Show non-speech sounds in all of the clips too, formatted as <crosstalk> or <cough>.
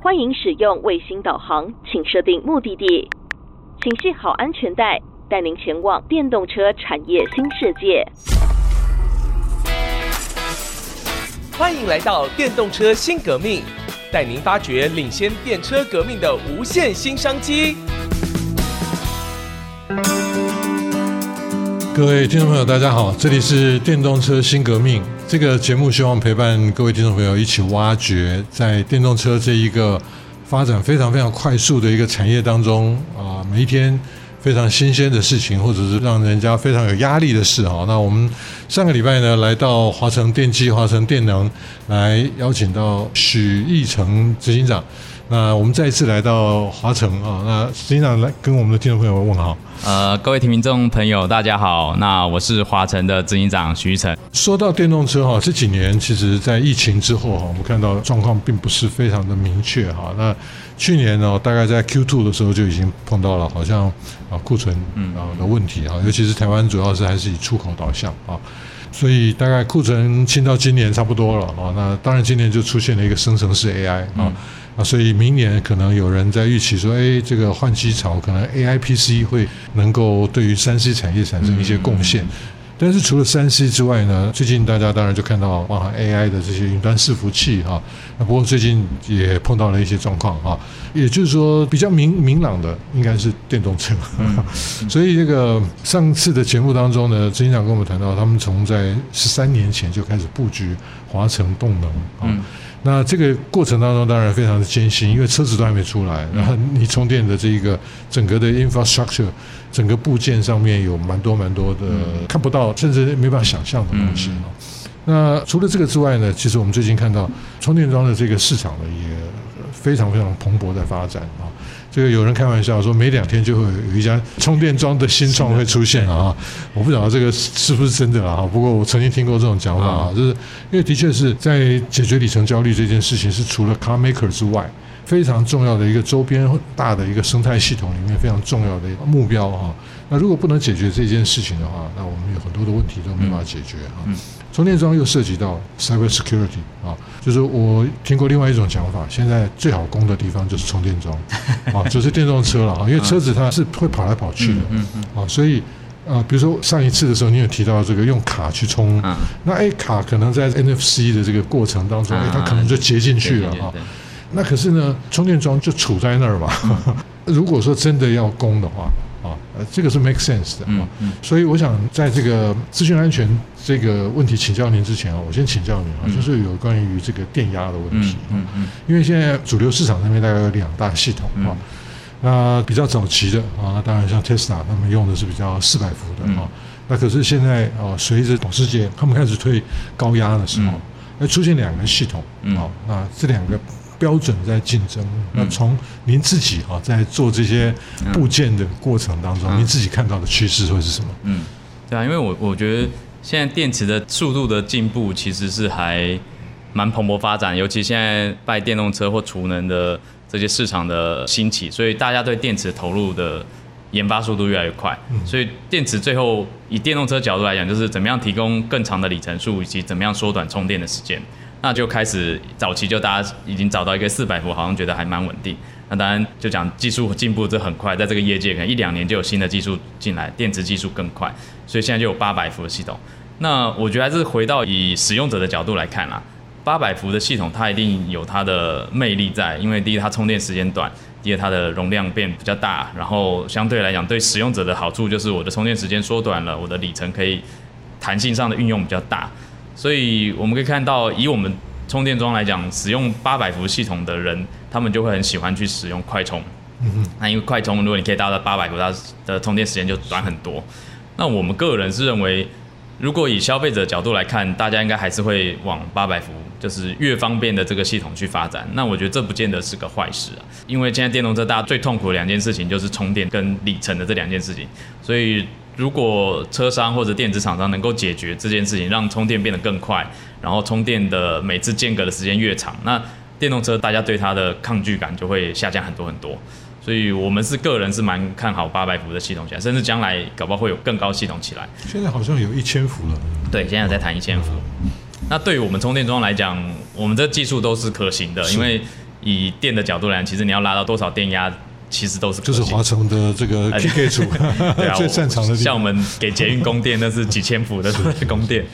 歡迎使用衛星導航，請設定目的地，請繫好安全帶，帶您前往電動車產業新世界。歡迎來到電動車新革命，帶您發掘領先電車革命的無限新商機。各位聽眾朋友，大家好，這裡是電動車新革命。這個節目希望陪伴各位聽眾朋友一起挖掘，在電動車這一個發展非常非常快速的一個產業當中啊，每一天非常新鮮的事情，或者是讓人家非常有壓力的事。好，那我們上個禮拜呢，來到華城電機、華城電能，來邀請到許逸晟執行長。那我們再一次來到華城啊，那實際上來跟我們的聽眾朋友問好，啊。呃，各位聽眾朋友，大家好。那我是華城的執行長許逸晟。說到電動車哈，啊，這幾年其實，在疫情之後哈，啊，我們看到狀況並不是非常的明確哈，啊。那去年呢，啊，大概在 Q2 的時候就已經碰到了，好像啊庫存啊的問題啊，嗯，尤其是台灣主要是還是以出口導向啊，所以大概庫存清到今年差不多了啊。那當然今年就出現了一個生成式 AI 啊。嗯啊，所以明年可能有人在預期說，哎，這個換機潮可能 AIPC 會能夠對於三 C 產業產生一些貢獻。嗯嗯嗯但是除了三 C 之外呢，最近大家當然就看到包含 AI 的這些雲端伺服器啊，那不過最近也碰到了一些狀況啊，也就是說比較明明朗的應該是電動車，嗯、 <laughs> 所以這個上次的節目當中呢，執行長跟我們談到，他們從在十三年前就開始布局華城電能啊、嗯，那這個過程當中當然非常的艱辛，因為車子都還沒出來，嗯、然後你充電的這一個整個的 infrastructure。整個部件上面有蠻多蠻多的，嗯，看不到，甚至沒辦法想象的東西。嗯，那除了這個之外呢，其實我們最近看到充電樁的這個市場呢，也非常非常蓬勃在發展。這個有人開玩笑說，每兩天就會有一家充電樁的新創會出現啊，我不曉得這個是不是真的啊。不過我曾經聽過這種講法。啊，就是因為的確是在解決里程焦慮這件事情，是除了 car maker 之外非常重要的一個周邊大的一個生態系統裡面非常重要的一個目標啊。那如果不能解決這件事情的話，那我們有很多的問題都沒法解決啊，嗯。嗯充電樁又涉及到 cybersecurity 啊，就是我聽過另外一種講法，現在最好攻的地方就是充電樁啊，就是電動車了啊，因為車子它是會跑來跑去的，嗯嗯嗯、啊，所以啊，比如說上一次的時候，你有提到這個用卡去充，啊、那哎卡可能在 NFC 的這個過程當中，誒它可能就接進去了啊，那、嗯嗯嗯嗯啊、可是呢，充電樁就杵在那兒嘛，如果說真的要攻的話。這個是 make sense 的，所以我想在這個資訊安全這個問題請教您之前啊，我先請教您啊，就是有關於這個電壓的問題，嗯嗯，因為現在主流市場上面大概有兩大系統啊，那比較早期的啊，當然像特斯拉他們用的是比較四百伏的哈，那可是現在啊，隨着保時捷他們開始推高壓的時候，那出現兩個系統啊，那這兩個。標準在競爭。那從您自己啊，在做這些部件的過程當中，您自己看到的趨勢會是什麼？嗯，對啊，因為我我覺得現在電池的速度的進步其實是還蠻蓬勃發展，尤其現在拜電動車或儲能的這些市場的興起，所以大家對電池投入的研發速度越來越快。所以電池最後以電動車角度來講，就是怎麼樣提供更長的里程數，以及怎麼樣縮短充電的時間。那就開始早期就大家已經找到一個四百伏，好像覺得還蠻穩定。那當然就講技術進步這很快，在這個業界可能一兩年就有新的技術進來，電池技術更快，所以現在就有八百伏的系統。那我覺得還是回到以使用者的角度來看啦，八百伏的系統它一定有它的魅力在，因為第一它充電時間短，第二它的容量變比較大，然後相對來講對使用者的好處就是我的充電時間縮短了，我的里程可以彈性上的運用比較大。所以我們可以看到，以我們充電樁來講，使用八百伏系統的人，他們就會很喜歡去使用快充。那因為快充，如果你可以達到八百伏，它的充電時間就短很多。那我們個人是認為，如果以消費者的角度來看，大家應該還是會往八百伏，就是越方便的這個系統去發展。那我覺得這不見得是個壞事啊，因為現在電動車大家最痛苦的兩件事情就是充電跟里程的這兩件事情，所以。如果車商或者電子廠商能夠解決這件事情，讓充電變得更快，然後充電的每次間隔的時間越長，那電動車大家對它的抗拒感就會下降很多很多。所以我們是個人是蠻看好八百伏的系統起來，甚至將來搞不好會有更高的系統起來。現在好像有一千伏了。對，現在在談一千伏。那對於我們充電樁來講，我們這技術都是可行的，因為以電的角度來，來，講，其實你要拉到多少電壓？其實都是就是華城的這個 g k 組，對啊，最擅長的、啊、我像我們給捷運供電，那是幾千伏的供電， <laughs> 是，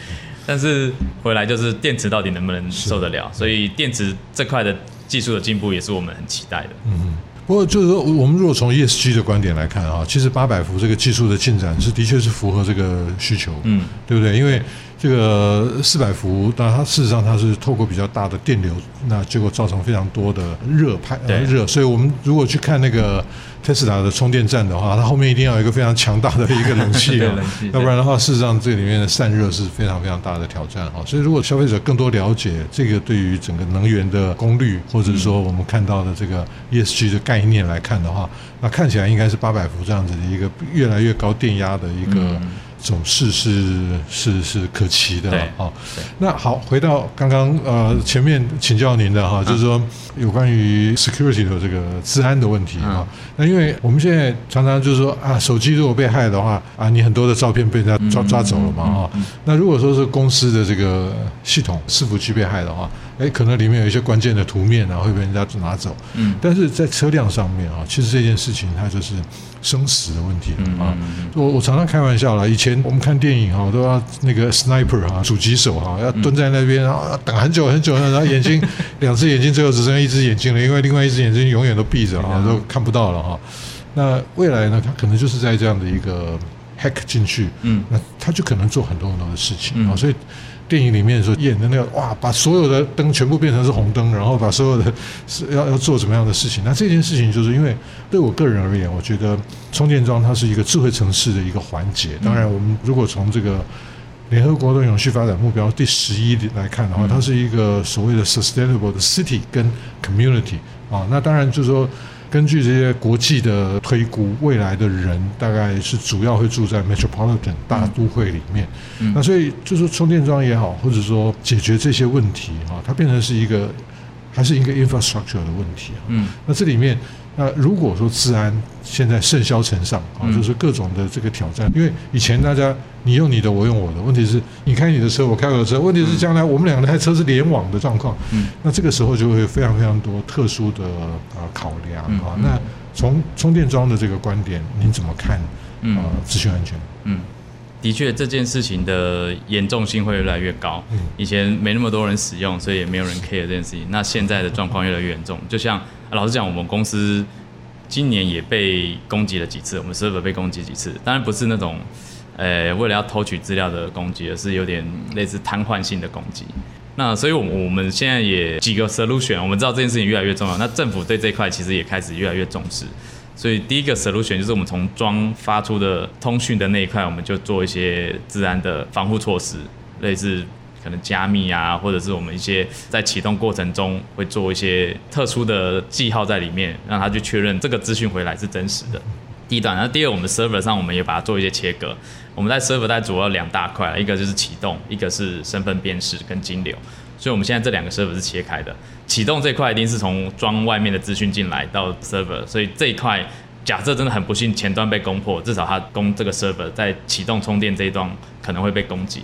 但是回來就是電池到底能不能受得了，所以電池這塊的技術的進步也是我們很期待的。嗯。不過就是說，我們如果從 ESG 的觀點來看啊，其實八百伏這個技術的進展是的確是符合這個需求，嗯，對不對？因為這個四百伏，但它事實上它是透過比較大的電流，那結果造成非常多的熱派、呃、熱，所以我們如果去看那個。嗯特斯拉的充電站的話，它後面一定要有一個非常強大的一個冷氣、哦、 <laughs> 冷氣。要不然的話，事實上這裡面的散熱是非常非常大的挑戰啊。所以，如果消費者更多了解這個對於整個能源的功率，或者說我們看到的這個 ESG 的概念來看的話，嗯、那看起來應該是八百伏這樣子的一個越來越高電壓的一個。嗯總是是是是可期的啊、哦。那好，回到剛剛呃前面請教您的哈、啊，就是說有關於 security 的這個資安的問題啊。那因為我們現在常常就是說啊，手機如果被駭的話啊，你很多的照片被人家抓抓走了嘛啊。那如果說是公司的這個系統伺服器被駭的話，哎，可能裡面有一些關鍵的圖面啊會被人家拿走。嗯。但是在車輛上面啊，其實這件事情它就是生死的問題了啊。我我常常開玩笑啦，以前。我們看電影啊，都要那個 sniper 啊，狙擊手啊，要蹲在那邊，然後要等很久很久，然後眼睛，兩只眼睛，最後只剩一只眼睛了，因為另外一只眼睛永遠都閉着啊，都看不到了哈。那未來呢，它可能就是在這樣的一個。hack 進去，嗯，那他就可能做很多很多的事情，啊、嗯，所以電影裡面說演的那個哇，把所有的燈全部變成是紅燈，然後把所有的是要要做怎麼樣的事情？那這件事情就是因為對我個人而言，我覺得充電樁它是一個智慧城市的一個環節。嗯、當然，我們如果從這個聯合國的永續發展目標第十一來看的話、嗯，它是一個所謂的 sustainable 的 city 跟 community 啊、哦，那當然就是說。根據這些國際的推估，未來的人大概是主要會住在 metropolitan 大都會裡面，嗯、那所以就是說充電樁也好，或者說解決這些問題啊，它變成是一個還是一個 infrastructure 的問題，嗯，那這裡面。那如果說資安現在甚囂塵上啊，就是各種的這個挑戰，因為以前大家你用你的，我用我的，問題是你開你的車，我開我的車，問題是將來我們兩台車是聯網的狀況，嗯，那這個時候就會非常非常多特殊的啊考量。啊那從充電樁的這個觀點，您怎麼看啊？資訊安全嗯？嗯。嗯的確，這件事情的嚴重性會越來越高。以前沒那麼多人使用，所以也沒有人 care 這件事情。那現在的狀況越來越嚴重，就像、啊、老實講，我們公司今年也被攻擊了幾次，我們 server 被攻擊幾次。當然不是那種，呃、欸，為了要偷取資料的攻擊，而是有點類似癱瘓性的攻擊。那所以，我我們現在也幾個 solution，我們知道這件事情越來越重要。那政府對這塊其實也開始越來越重視。所以第一個 solution 就是我們從樁發出的通訊的那一塊，我們就做一些資安的防護措施，類似可能加密啊，或者是我們一些在啟動過程中會做一些特殊的記號在裡面，讓他去確認這個資訊回來是真實的。第一段。那第二，我們的 server 上我們也把它做一些切割。我們在 server 上主要兩大塊，一個就是啟動，一個是身份辨識跟金流。所以我們現在這兩個 server 是切開的，啟動這一塊一定是從裝外面的資訊進來到 server，所以這一塊假設真的很不幸，前端被攻破，至少它攻這個 server 在啟動充電這一段可能會被攻擊。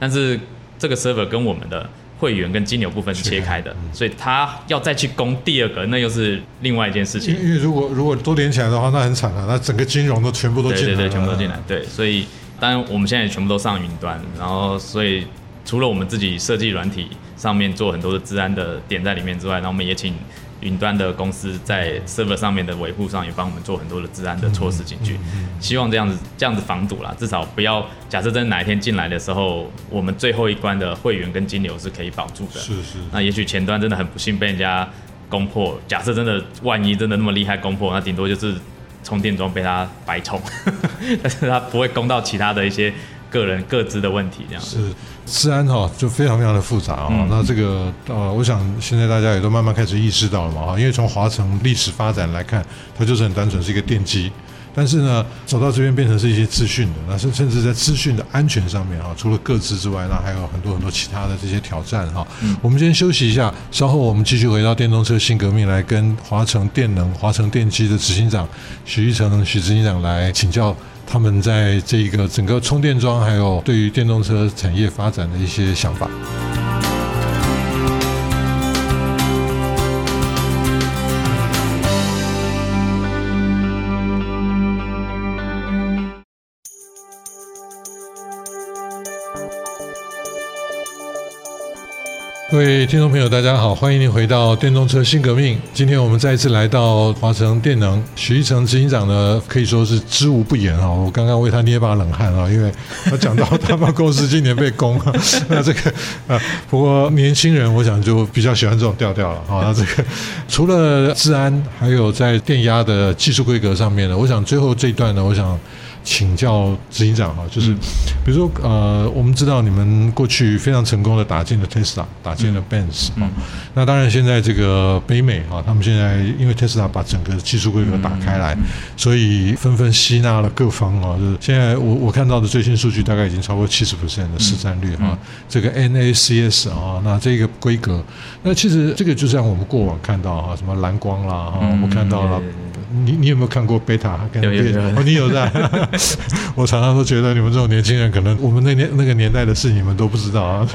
但是這個 server 跟我們的會員跟金融部分是切開的，啊嗯、所以它要再去攻第二個，那又是另外一件事情。因為如果如果都連起來的話，那很慘了，啊，那整個金融都全部都進來，對對對，全部都進來。對，所以當然我們現在也全部都上雲端，然後所以除了我們自己設計軟體。上面做很多的資安的點在裡面之外，那我們也請雲端的公司在 server 上面的維護上也幫我們做很多的資安的措施進去，嗯嗯嗯嗯，希望這樣子這樣子防堵啦，至少不要假設真的哪一天進來的時候，我們最後一關的會員跟金流是可以保住的。是是。那也許前端真的很不幸被人家攻破，假設真的萬一真的那麼厲害攻破，那頂多就是充電樁被他白充， <laughs> 但是他不會攻到其他的一些。個人各自的問題，這樣是，資安。哈就非常非常的複雜啊、嗯。那這個呃，我想現在大家也都慢慢開始意識到了嘛哈，因為從華城歷史發展來看，它就是很單純是一個電機，但是呢走到這邊變成是一些資訊的，那甚甚至在資訊的安全上面哈，除了個資之外，那還有很多很多其他的這些挑戰哈、嗯。我們先休息一下，稍後我們繼續回到電動車新革命來跟華城電能、華城電機的執行長許逸晟、許執行長來請教。他們在這個整個充電樁，還有對於電動車產業發展的一些想法。各位聽眾朋友，大家好，歡迎您回到電動車新革命。今天我們再一次來到華城電能，許逸晟執行長呢，可以說是知無不言，我剛剛為他捏把冷汗啊，因為他講到他們公司今年被攻， <laughs> 那這個啊，不過年輕人我想就比較喜歡這種調調了啊。這個除了資安，還有在電壓的技術規格上面呢，我想最後這一段呢，我想。請教執行長哈，就是比如說呃，我們知道你們過去非常成功的打進了 Tesla，打進了 Benz 啊、嗯嗯哦。那當然現在這個北美哈、哦，他們現在因為 Tesla 把整個技術規格打開來，嗯嗯、所以紛紛吸納了各方啊、哦。就是現在我我看到的最新數據，大概已經超過七十%的市占率哈、嗯嗯哦。這個 NACS 啊、哦，那這個規格。那其實這個就像我們過往看到啊，什麼藍光啦，嗯哦、我們看到了，對對對你你有沒有看過貝塔跟貝塔？哦，你有在 <laughs> <laughs> 我常常都覺得你們這種年輕人，可能我們那年那個年代的事你們都不知道啊、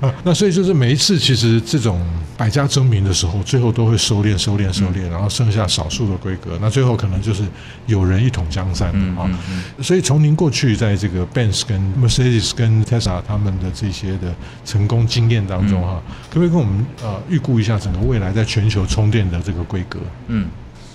哦、啊。那所以就是每一次其實這種百家爭鳴的時候，最後都會收斂、收斂、收、嗯、斂、嗯，然後剩下少數的規格。那最後可能就是有人一統江山、嗯、啊、嗯。所以從您過去在這個 Benz 跟 Mercedes 跟，跟 Tesla 他們的這些的成功經驗當中啊、嗯，可不可以跟我們？啊預估一下整個未來在全球充電的這個規格，嗯。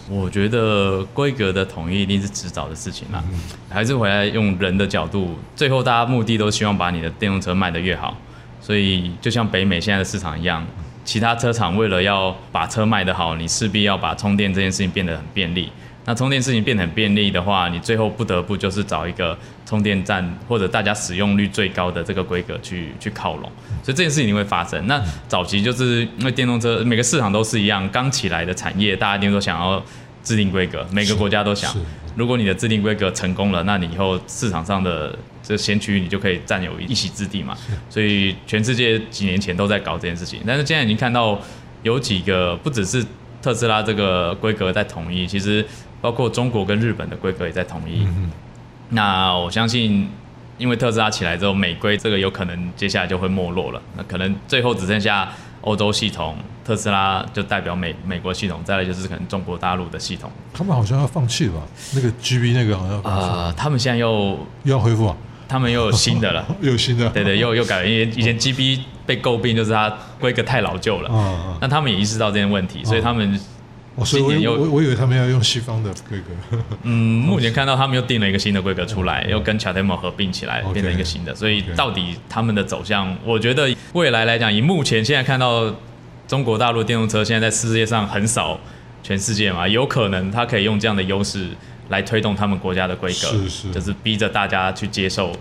嗯，我覺得規格的統一一定是遲早的事情啦。還是回來用人的角度，最後大家目的都希望把你的電動車賣得越好，所以就像北美現在的市場一樣，其他車廠為了要把車賣得好，你勢必要把充電這件事情變得很便利。那充電事情，變得很便利的話，你最後不得不就是找一個充電站或者大家使用率最高的這個規格去去靠攏，所以這件事情會發生。那早期就是因為電動車每個市場都是一樣，剛起來的產業，大家一定都想要制定規格，每個國家都想。如果你的制定規格成功了，那你以後市場上的這先驅你就可以佔有一席之地嘛。所以全世界幾年前都在搞這件事情，但是現在已經看到有幾個不只是特斯拉這個規格在統一，其實。包括中國跟日本的規格也在統一。嗯、那我相信，因為特斯拉起來之後，美規這個有可能接下來就會沒落了。那可能最後只剩下歐洲系統，特斯拉就代表美美國系統，再來就是可能中國大陸的系統。他們好像要放棄吧？那個 GB 那個好像啊、呃，他們現在又又要恢復啊？他們又有新的了？ <laughs> 又有新的？對對，又又改了。因為以前 GB 被詬病就是它規格太老舊了。那、啊啊啊、他們也意識到這些問題，啊啊所以他們。我今又我我，我以為他們要用西方的規格。嗯，目前看到他們又定了一個新的規格出來，嗯、又跟 CHAdeMO 合併起來、嗯，變成一個新的。所以，到底他們的走向，okay, 我覺得未來來講，以目前現在看到中國大陸電動車現在在世界上很少，全世界嘛，有可能它可以用這樣的優勢。來推動他們國家的規格，是是，就是逼着大家去接受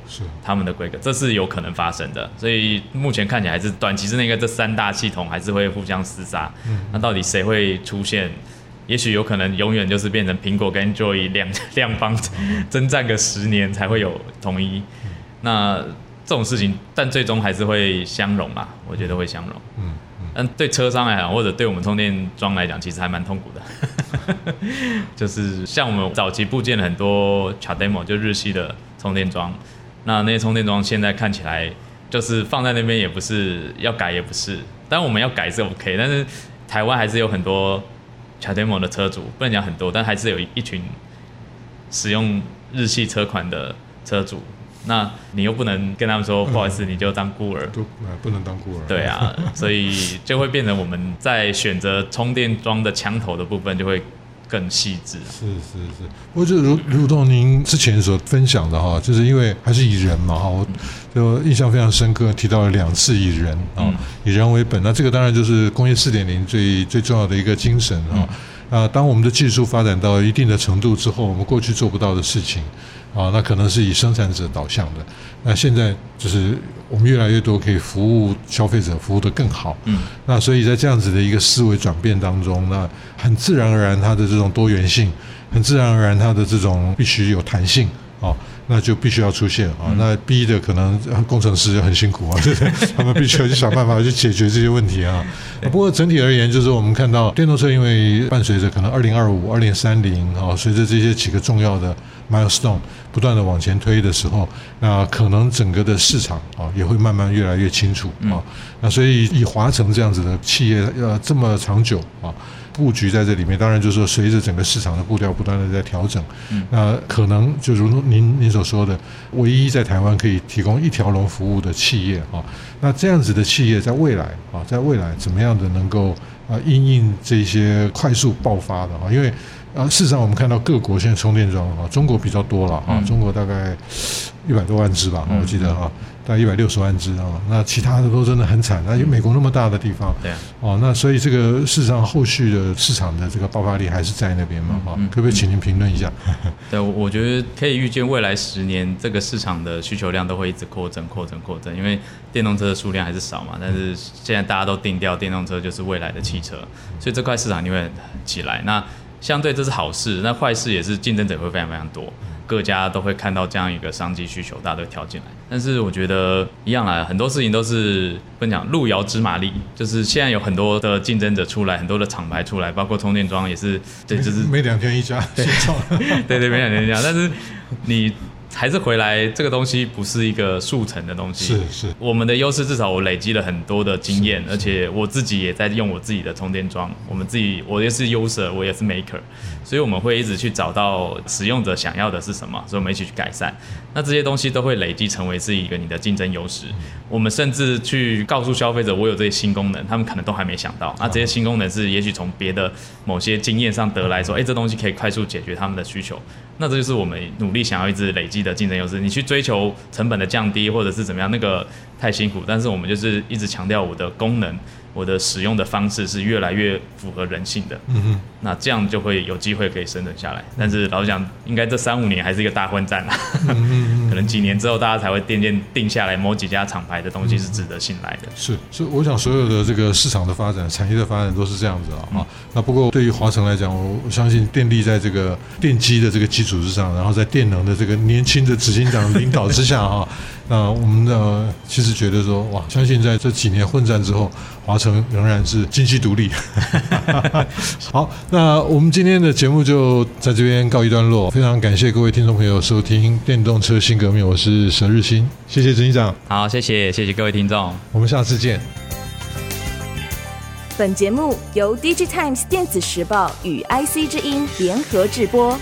他們的規格，這是有可能發生的。所以目前看起來還是短期之內，那個這三大系統還是會互相廝殺，嗯。那到底誰會出現？也許有可能永遠就是變成蘋果跟 Joy 兩兩方、嗯、征戰個十年才會有統一。嗯、那這種事情，但最終還是會相容啊，我覺得會相容。嗯但對車商來講，或者對我們充電樁來講，其實還蠻痛苦的， <laughs> 就是像我們早期布建很多 Chademo 就日系的充電樁，那那些充電樁現在看起來就是放在那邊也不是，要改也不是，但我們要改是 OK，但是台灣還是有很多 Chademo 的車主，不能講很多，但還是有一群使用日系車款的車主。那你又不能跟他們說，不好意思，你就當孤兒，嗯、都不能當孤兒。對啊， <laughs> 所以就會變成我們在選擇充電樁的槍頭的部分就會更細緻。是是是，我就如如、如同您之前所分享的哈，就是因為還是以人嘛。哈，我就印象非常深刻，提到了兩次以人啊，以人為本。那這個當然就是工業四點零最最重要的一個精神啊。啊，當我們的技術發展到一定的程度之後，我們過去做不到的事情。啊、哦，那可能是以生產者導向的，那現在就是我們越來越多可以服務消費者，服務得更好。嗯，那所以在這樣子的一個思維轉變當中，那很自然而然它的這種多元性，很自然而然它的這種必須有彈性啊、哦，那就必須要出現啊、哦。那逼得，可能工程師就很辛苦啊，對不對？嗯，就是、他們必須要去想辦法去解決這些問題啊。 <laughs> 不過整體而言，就是我們看到電動車，因為伴隨着可能二零二五、二零三零啊，隨着這些幾個重要的 milestone。不斷的往前推的時候，那可能整個的市場啊也會慢慢越來越清楚啊。那所以以華城這樣子的企業呃這麼長久啊布局在這裡面，當然就是說隨着整個市場的步調不斷的在調整，那可能就如同您您所說的，唯一在台灣可以提供一條龍服務的企業啊，那這樣子的企業在未來啊，在未來怎麼樣的能夠？啊，因應這些快速爆發的啊，因為啊，事實上我們看到各國現在充電樁啊，中國比較多了啊，中國大概一百多萬只吧，我記得啊。到一百六十萬只啊！那其他的都真的很慘。那美國那麼大的地方，哦、啊，那所以這個市場後續的市場的這個爆發力還是在那邊嘛？好、嗯，可不可以請您評論一下？對，我我覺得可以預見未來十年這個市場的需求量都會一直擴增、擴增、擴增，因為電動車的數量還是少嘛。但是現在大家都定調電動車就是未來的汽車，所以這塊市場就會起來。那相對這是好事，那壞事也是競爭者會非常非常多，各家都會看到這樣一個商機需求，大家都會跳進來。但是我覺得一樣啊，很多事情都是不能講，路遙知馬力，就是現在有很多的競爭者出來，很多的廠牌出來，包括充電樁也是，對，沒就是沒兩天一家，對 <laughs> <laughs> 對對，沒兩天一家。 <laughs> 但是你還是回來，這個東西不是一個速成的東西。是是，我們的優勢至少我累積了很多的經驗，而且我自己也在用我自己的充電樁。我們自己，我也是 user，我也是 maker，、嗯、所以我們會一直去找到使用者想要的是什麼，所以我們一起去改善。那這些東西都會累積成為是一個你的競爭優勢。嗯、我們甚至去告訴消費者，我有這些新功能，他們可能都還沒想到。那這些新功能是也許從別的某些經驗上得來說，哎、嗯，這東西可以快速解決他們的需求。那這就是我們努力想要一直累積的競爭優勢。你去追求成本的降低，或者是怎麼樣，那個太辛苦。但是我們就是一直強調我的功能，我的使用的方式是越來越符合人性的。嗯，那這樣就會有機會可以生存下來。但是老實講，應該這三五年還是一個大混戰啊。嗯等幾年之後，大家才會漸漸定下來，某幾家廠牌的東西是值得信賴的。嗯。是，所以我想，所有的這個市場的發展、產業的發展都是這樣子啊。嗯。啊，那不過對於華城來講，我相信電力在這個電機的這個基礎之上，然後在電能的這個年輕的執行長領導之下啊。 <laughs> 哦那我們呢，其實覺得說，哇，相信在這幾年混戰之後，華城仍然是經濟獨立。 <laughs> 好，那我們今天的節目就在這邊告一段落。非常感謝各位聽眾朋友收聽《電動車新革命》，我是佘日新，謝謝許執行長，好，謝謝，謝謝各位聽眾，我們下次見。本節目由 DigiTimes 電子時報與 IC 之音聯合制播。